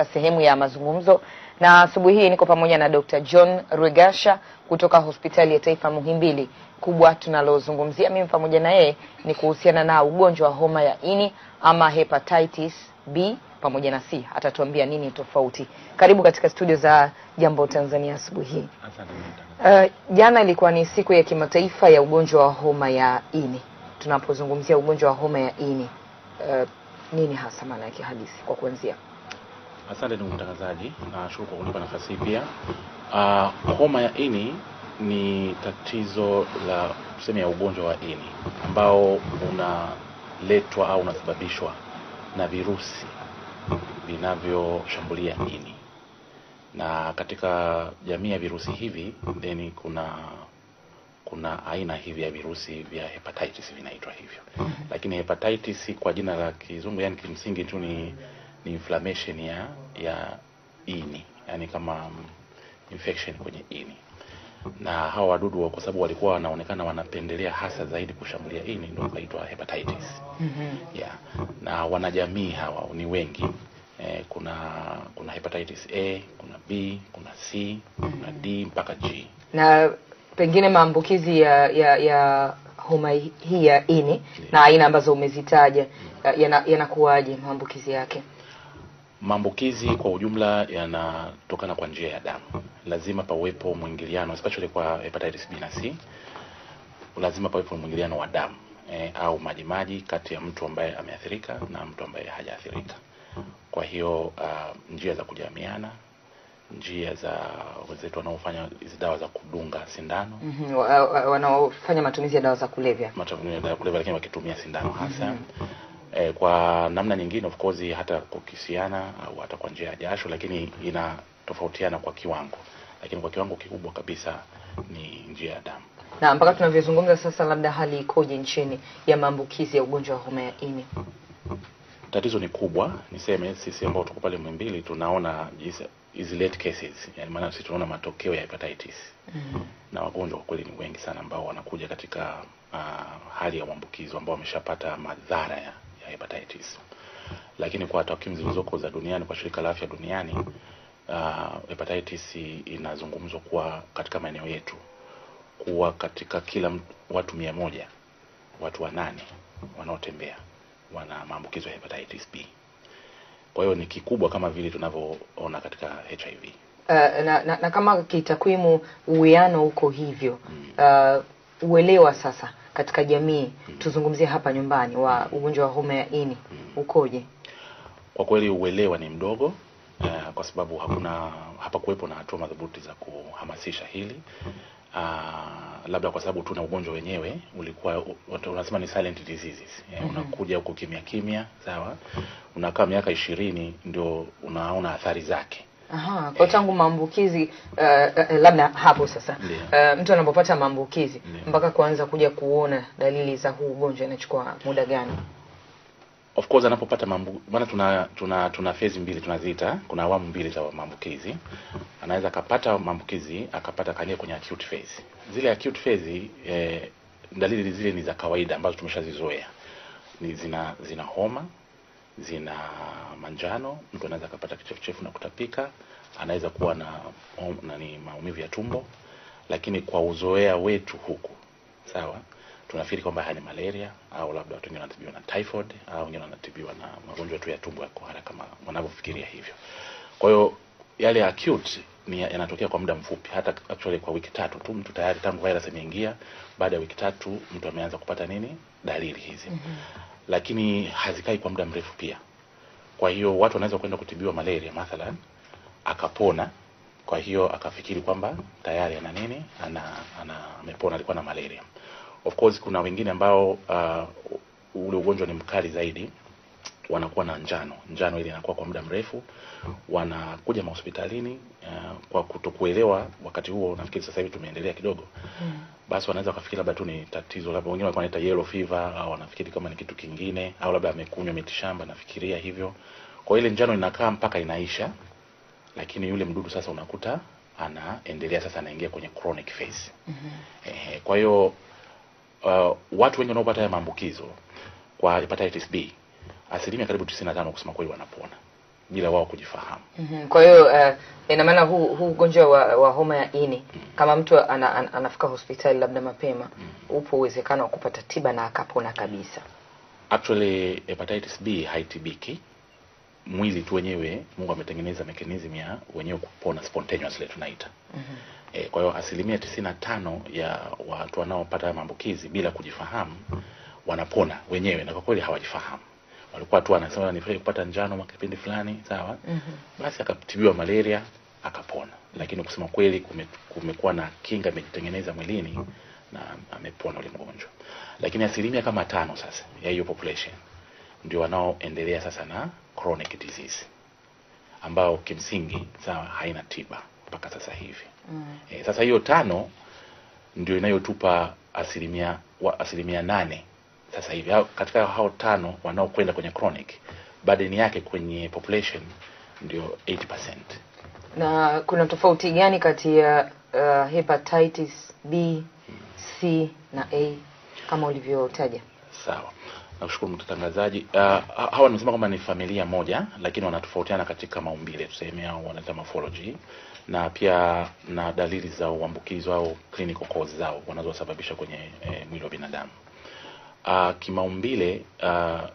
katika sehemu ya mazungumzo, na asubuhi hii niko pamoja na Dr. John Rwegasha kutoka hospitali ya taifa Muhimbili. Kubwa tunalozungumzia mimi pamoja na yeye ni kuhusiana na ugonjwa wa homa ya ini ama hepatitis B pamoja na C. Atatuambia nini tofauti. Karibu katika studio za Jambo Tanzania asubuhi hii. Uh, jana ilikuwa ni siku ya kimataifa ya ugonjwa wa homa ya ini. Tunapozungumzia ugonjwa wa homa ya ini uh, nini hasa maana yake halisi kwa kuanzia? Asante ndugu mtangazaji, nashukuru kwa kunipa nafasi pia. Uh, homa ya ini ni tatizo la tuseme ya ugonjwa wa ini ambao unaletwa au unasababishwa na virusi vinavyoshambulia ini, na katika jamii ya virusi hivi then kuna kuna aina hivi ya virusi vya hepatitis vinaitwa hivyo, lakini hepatitis kwa jina la kizungu yani kimsingi tu ni ni inflammation ya ya ini, yani kama mm, infection kwenye ini na hawa wadudu kwa sababu walikuwa wanaonekana wanapendelea hasa zaidi kushambulia ini, ndio wakaitwa hepatitis. mm -hmm. Yeah. Na wanajamii hawa ni wengi eh, kuna kuna hepatitis A, kuna B, kuna C, mm -hmm. kuna D mpaka G. Na pengine maambukizi ya, ya, ya homa hii ya ini yeah. na aina ambazo umezitaja yanakuwaje, yana maambukizi yake? Maambukizi kwa ujumla yanatokana kwa njia ya damu, lazima pawepo mwingiliano especially kwa hepatitis B na C, lazima pawepo mwingiliano wa damu e, au majimaji kati ya mtu ambaye ameathirika na mtu ambaye hajaathirika. Kwa hiyo uh, njia za kujamiana njia za wenzetu wanaofanya hizi dawa za kudunga sindano mm -hmm. Wanaofanya matumizi ya dawa za kulevya, matumizi ya dawa za kulevya, lakini wakitumia sindano hasa mm -hmm eh, kwa namna nyingine of course, hata kukisiana au hata kwa njia ya jasho, lakini inatofautiana kwa kiwango, lakini kwa kiwango kikubwa kabisa ni njia ya damu. Na mpaka tunavyozungumza sasa, labda hali ikoje nchini ya maambukizi ya ugonjwa wa homa ya ini? Tatizo ni kubwa, niseme sisi ambao tuko pale Muhimbili tunaona hizi late cases, yani maana sisi tunaona matokeo ya hepatitis mm. -hmm. na wagonjwa kwa kweli ni wengi sana ambao wanakuja katika uh, hali ya uambukizo ambao wameshapata madhara ya hepatitis. Lakini kwa takwimu zilizoko za duniani kwa shirika la afya duniani uh, hepatitis inazungumzwa kuwa katika maeneo yetu kuwa katika kila watu mia moja watu wanane wanaotembea wana maambukizo ya hepatitis B. Kwa hiyo ni kikubwa kama vile tunavyoona katika HIV. Uh, na, na, na kama kitakwimu uwiano uko hivyo mm. Uh, uelewa sasa katika jamii mm. Tuzungumzie hapa nyumbani wa ugonjwa wa homa ya ini mm. ukoje? Kwa kweli uelewa ni mdogo uh, kwa sababu hakuna hapakuwepo na hatua madhubuti za kuhamasisha hili Uh, labda kwa sababu tuna ugonjwa wenyewe ulikuwa unasema ni silent diseases yeah, mm -hmm. Unakuja huko kimya kimya, sawa, unakaa miaka ishirini ndio unaona athari zake Aha, kwa tangu maambukizi uh, uh, uh labda hapo sasa uh, mtu anapopata maambukizi mpaka kuanza kuja kuona dalili za huu ugonjwa inachukua muda gani? Of course anapopata maambukizi, maana tuna tuna tuna phase mbili tunaziita, kuna awamu mbili za maambukizi. Anaweza akapata maambukizi akapata kania kwenye acute phase. Zile acute phase eh, dalili zile ni za kawaida ambazo tumeshazizoea, ni zina zina homa zina manjano, mtu anaweza akapata kichefuchefu na kutapika, anaweza kuwa na nani, maumivu ya tumbo, lakini kwa uzoea wetu huku sawa, tunafikiri kwamba haya ni malaria au labda watu wengine wanatibiwa na typhoid au wengine wanatibiwa na magonjwa tu ya tumbo ya kuhara kama wanavyofikiria hivyo. Kwa hiyo yale acute ni yanatokea kwa muda mfupi, hata actually kwa wiki tatu tu mtu tayari, tangu virus imeingia, baada ya wiki tatu mtu ameanza kupata nini, dalili hizi mm -hmm lakini hazikai kwa muda mrefu pia. Kwa hiyo watu wanaweza kwenda kutibiwa malaria mathalan akapona, kwa hiyo akafikiri kwamba tayari ana nini, ana ana amepona, alikuwa na malaria. Of course kuna wengine ambao uh, ule ugonjwa ni mkali zaidi wanakuwa na njano njano, ile inakuwa kwa muda mrefu, wanakuja mahospitalini uh, kwa kutokuelewa wakati huo. Nafikiri sasa hivi tumeendelea kidogo mm. Basi wanaweza wakafikiri labda tu ni tatizo, labda wengine wanaita yellow fever, au wanafikiri kama ni kitu kingine, au labda amekunywa mitishamba, nafikiria hivyo. Kwa ile njano inakaa mpaka inaisha, lakini yule mdudu sasa unakuta anaendelea sasa, anaingia kwenye chronic phase mm -hmm. Eh, kwa hiyo uh, watu wengi wanaopata haya maambukizo kwa hepatitis B asilimia karibu 95 kusema kweli wanapona bila wao kujifahamu. mm -hmm. Kwa hiyo uh, ina maana huu hu ugonjwa wa, wa homa ya ini mm -hmm. kama mtu ana, an, anafika hospitali labda mapema mm -hmm. upo uwezekano wa kupata tiba na akapona kabisa. Actually hepatitis B haitibiki, mwili tu wenyewe Mungu ametengeneza mechanism ya wenyewe kupona spontaneously tunaita. mm -hmm. E, kwa hiyo asilimia tisini tano ya watu wanaopata maambukizi bila kujifahamu wanapona wenyewe, na kwa kweli hawajifahamu walikuwa tu wanasema nifurahi kupata njano mwaka kipindi fulani sawa. mm -hmm. Basi akatibiwa malaria akapona, lakini kusema kweli kumekuwa na kinga imejitengeneza mwilini na amepona ule mgonjwa, lakini asilimia kama tano sasa ya hiyo population ndio wanaoendelea sasa na chronic disease ambao kimsingi sawa haina tiba mpaka sasa hivi. mm. E, sasa hiyo tano ndio inayotupa asilimia wa asilimia nane sasa hivi katika hao tano wanaokwenda kwenye chronic burden yake kwenye population ndio 80%. Na kuna tofauti gani kati ya uh, hepatitis B, C na A kama ulivyotaja? Sawa. Nakushukuru mtangazaji. Uh, hawa nimesema kwamba ni familia moja lakini wanatofautiana katika maumbile tuseme, au wanaita morphology na pia na dalili za uambukizo au clinical cause zao wanazosababisha kwenye eh, mwili wa binadamu uh, kimaumbile uh,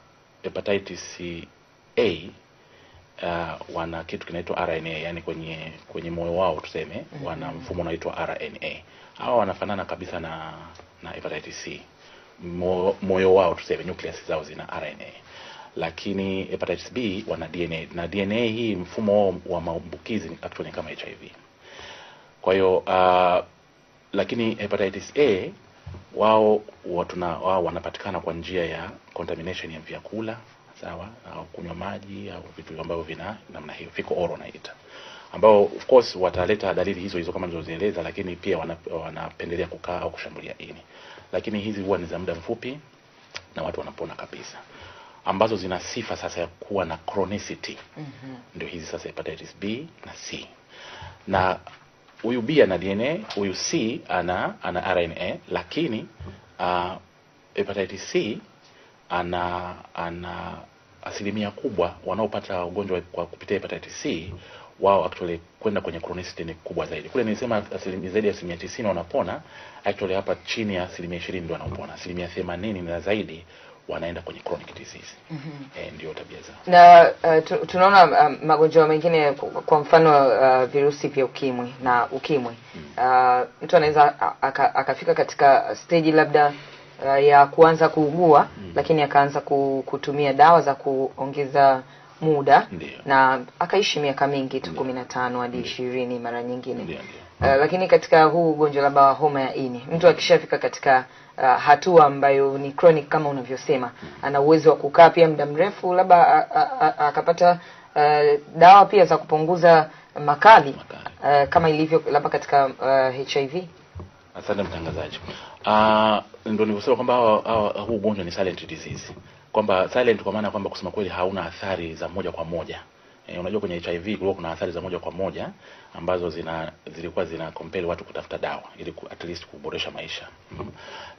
hepatitis A uh, wana kitu kinaitwa RNA, yani kwenye kwenye moyo wao tuseme, mm -hmm. wana mfumo unaitwa RNA. Hawa wanafanana kabisa na na hepatitis C, moyo wao tuseme, nucleus zao zina RNA, lakini hepatitis B wana DNA, na DNA hii mfumo wa maambukizi actually kama HIV. Kwa hiyo uh, lakini hepatitis A wao watuna, wao wanapatikana kwa njia ya contamination ya vyakula sawa, au kunywa maji au vitu ambavyo vina namna hiyo, fiko oro naita, ambao of course wataleta dalili hizo hizo kama nilizozieleza, lakini pia wanapendelea kukaa au kushambulia ini, lakini hizi huwa ni za muda mfupi na watu wanapona kabisa, ambazo zina sifa sasa ya kuwa na chronicity. mm -hmm. Ndio hizi sasa hepatitis B na C na huyu B ana DNA, huyu C ana ana RNA, lakini uh, hepatitis C ana ana asilimia kubwa wanaopata ugonjwa kwa kupitia hepatitis C wao actually kwenda kwenye chronicity ni kubwa zaidi. Kule nilisema asilimia zaidi ya asilimia tisini wanapona, actually hapa chini ya asilimia ishirini ndio wanaopona. Asilimia themanini na zaidi wanaenda kwenye chronic disease mm -hmm. E, ndio tabia zao na uh, tunaona um, magonjwa mengine kwa mfano uh, virusi vya ukimwi na ukimwi mm -hmm. uh, mtu anaweza akafika katika stage labda uh, ya kuanza kuugua mm -hmm. lakini akaanza kutumia dawa za kuongeza muda Ndiyo. na akaishi miaka mingi tu kumi na tano hadi ishirini mara nyingine Ndiyo. Ndiyo. Uh, lakini katika huu ugonjwa labda wa homa ya ini, mtu akishafika katika uh, hatua ambayo ni chronic kama unavyosema, ana uwezo wa kukaa pia muda mrefu, labda akapata uh, dawa pia za kupunguza makali uh, kama ilivyo labda katika uh, HIV. Asante mtangazaji. Uh, ndio nilivyosema kwamba huu ugonjwa ni silent disease, kwamba silent kwa maana kwamba kusema kweli hauna athari za moja kwa moja E, unajua kwenye HIV kulikuwa kuna athari za moja kwa moja ambazo zina zilikuwa zina compel watu kutafuta dawa ili ku, at least kuboresha maisha mm.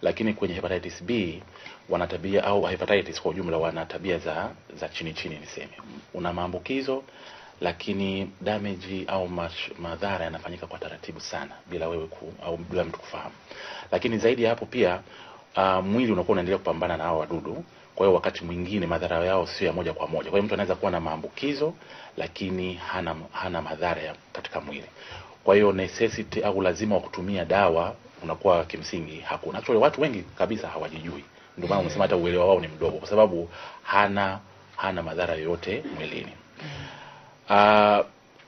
Lakini kwenye hepatitis B wana tabia au hepatitis kwa ujumla wana tabia za za chini chini, niseme una maambukizo lakini damage au madhara yanafanyika kwa taratibu sana bila wewe ku, au bila mtu kufahamu. Lakini zaidi ya hapo pia uh, mwili unakuwa unaendelea kupambana na hao wadudu kwa hiyo wakati mwingine madhara yao sio ya moja kwa moja. Kwa hiyo mtu anaweza kuwa na maambukizo lakini hana, hana madhara ya katika mwili. Kwa hiyo necessity au lazima wa kutumia dawa unakuwa kimsingi hakuna. Actually watu wengi kabisa hawajijui, ndio maana umesema hata uelewa wao ni mdogo, kwa sababu hana hana madhara yoyote mwilini. Uh,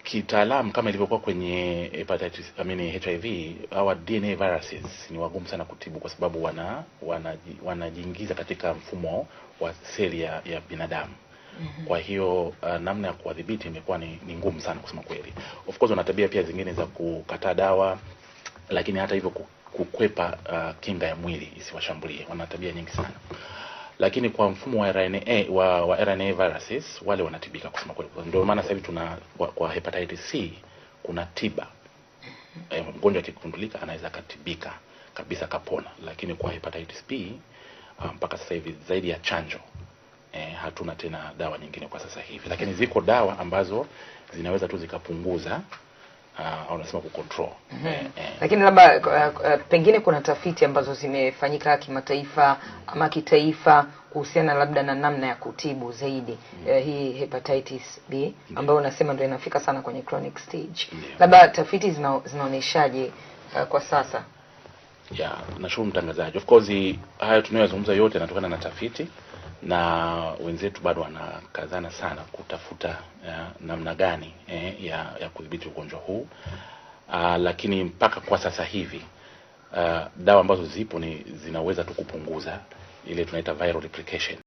kitaalamu kama ilivyokuwa kwenye hepatitis, I mean HIV, hawa DNA viruses ni wagumu sana kutibu kwa sababu wana wanajiingiza wana katika mfumo wa seli ya, ya binadamu. Mm -hmm. Kwa hiyo uh, namna ya kuwadhibiti imekuwa ni, ni ngumu sana kusema kweli. Of course wana tabia pia zingine za kukataa dawa, lakini hata hivyo kukwepa uh, kinga ya mwili isiwashambulie. Wana tabia nyingi sana lakini kwa mfumo wa RNA, wa, wa RNA viruses wale wanatibika kusema kweli. Ndio maana sasa hivi tuna kwa, kwa hepatitis C kuna tiba e, mgonjwa akigundulika anaweza akatibika kabisa kapona, lakini kwa hepatitis B ah, mpaka um, sasa hivi zaidi ya chanjo e, hatuna tena dawa nyingine kwa sasa hivi, lakini ziko dawa ambazo zinaweza tu zikapunguza uh, unasema control mm -hmm. eh, eh. Lakini labda uh, uh, pengine kuna tafiti ambazo zimefanyika kimataifa ama kitaifa kuhusiana labda na namna ya kutibu zaidi mm -hmm. uh, hii hepatitis B ambayo unasema ndio inafika sana kwenye chronic stage yeah. Labda tafiti zina, zinaonyeshaje uh, kwa sasa? Yeah, nashukuru mtangazaji. Of course haya tunayozungumza yote yanatokana na tafiti na wenzetu bado wanakazana sana kutafuta eh, namna gani eh, ya, ya kudhibiti ugonjwa huu aa, ah, lakini mpaka kwa sasa hivi uh, dawa ambazo zipo ni zinaweza tu kupunguza ile tunaita viral replication.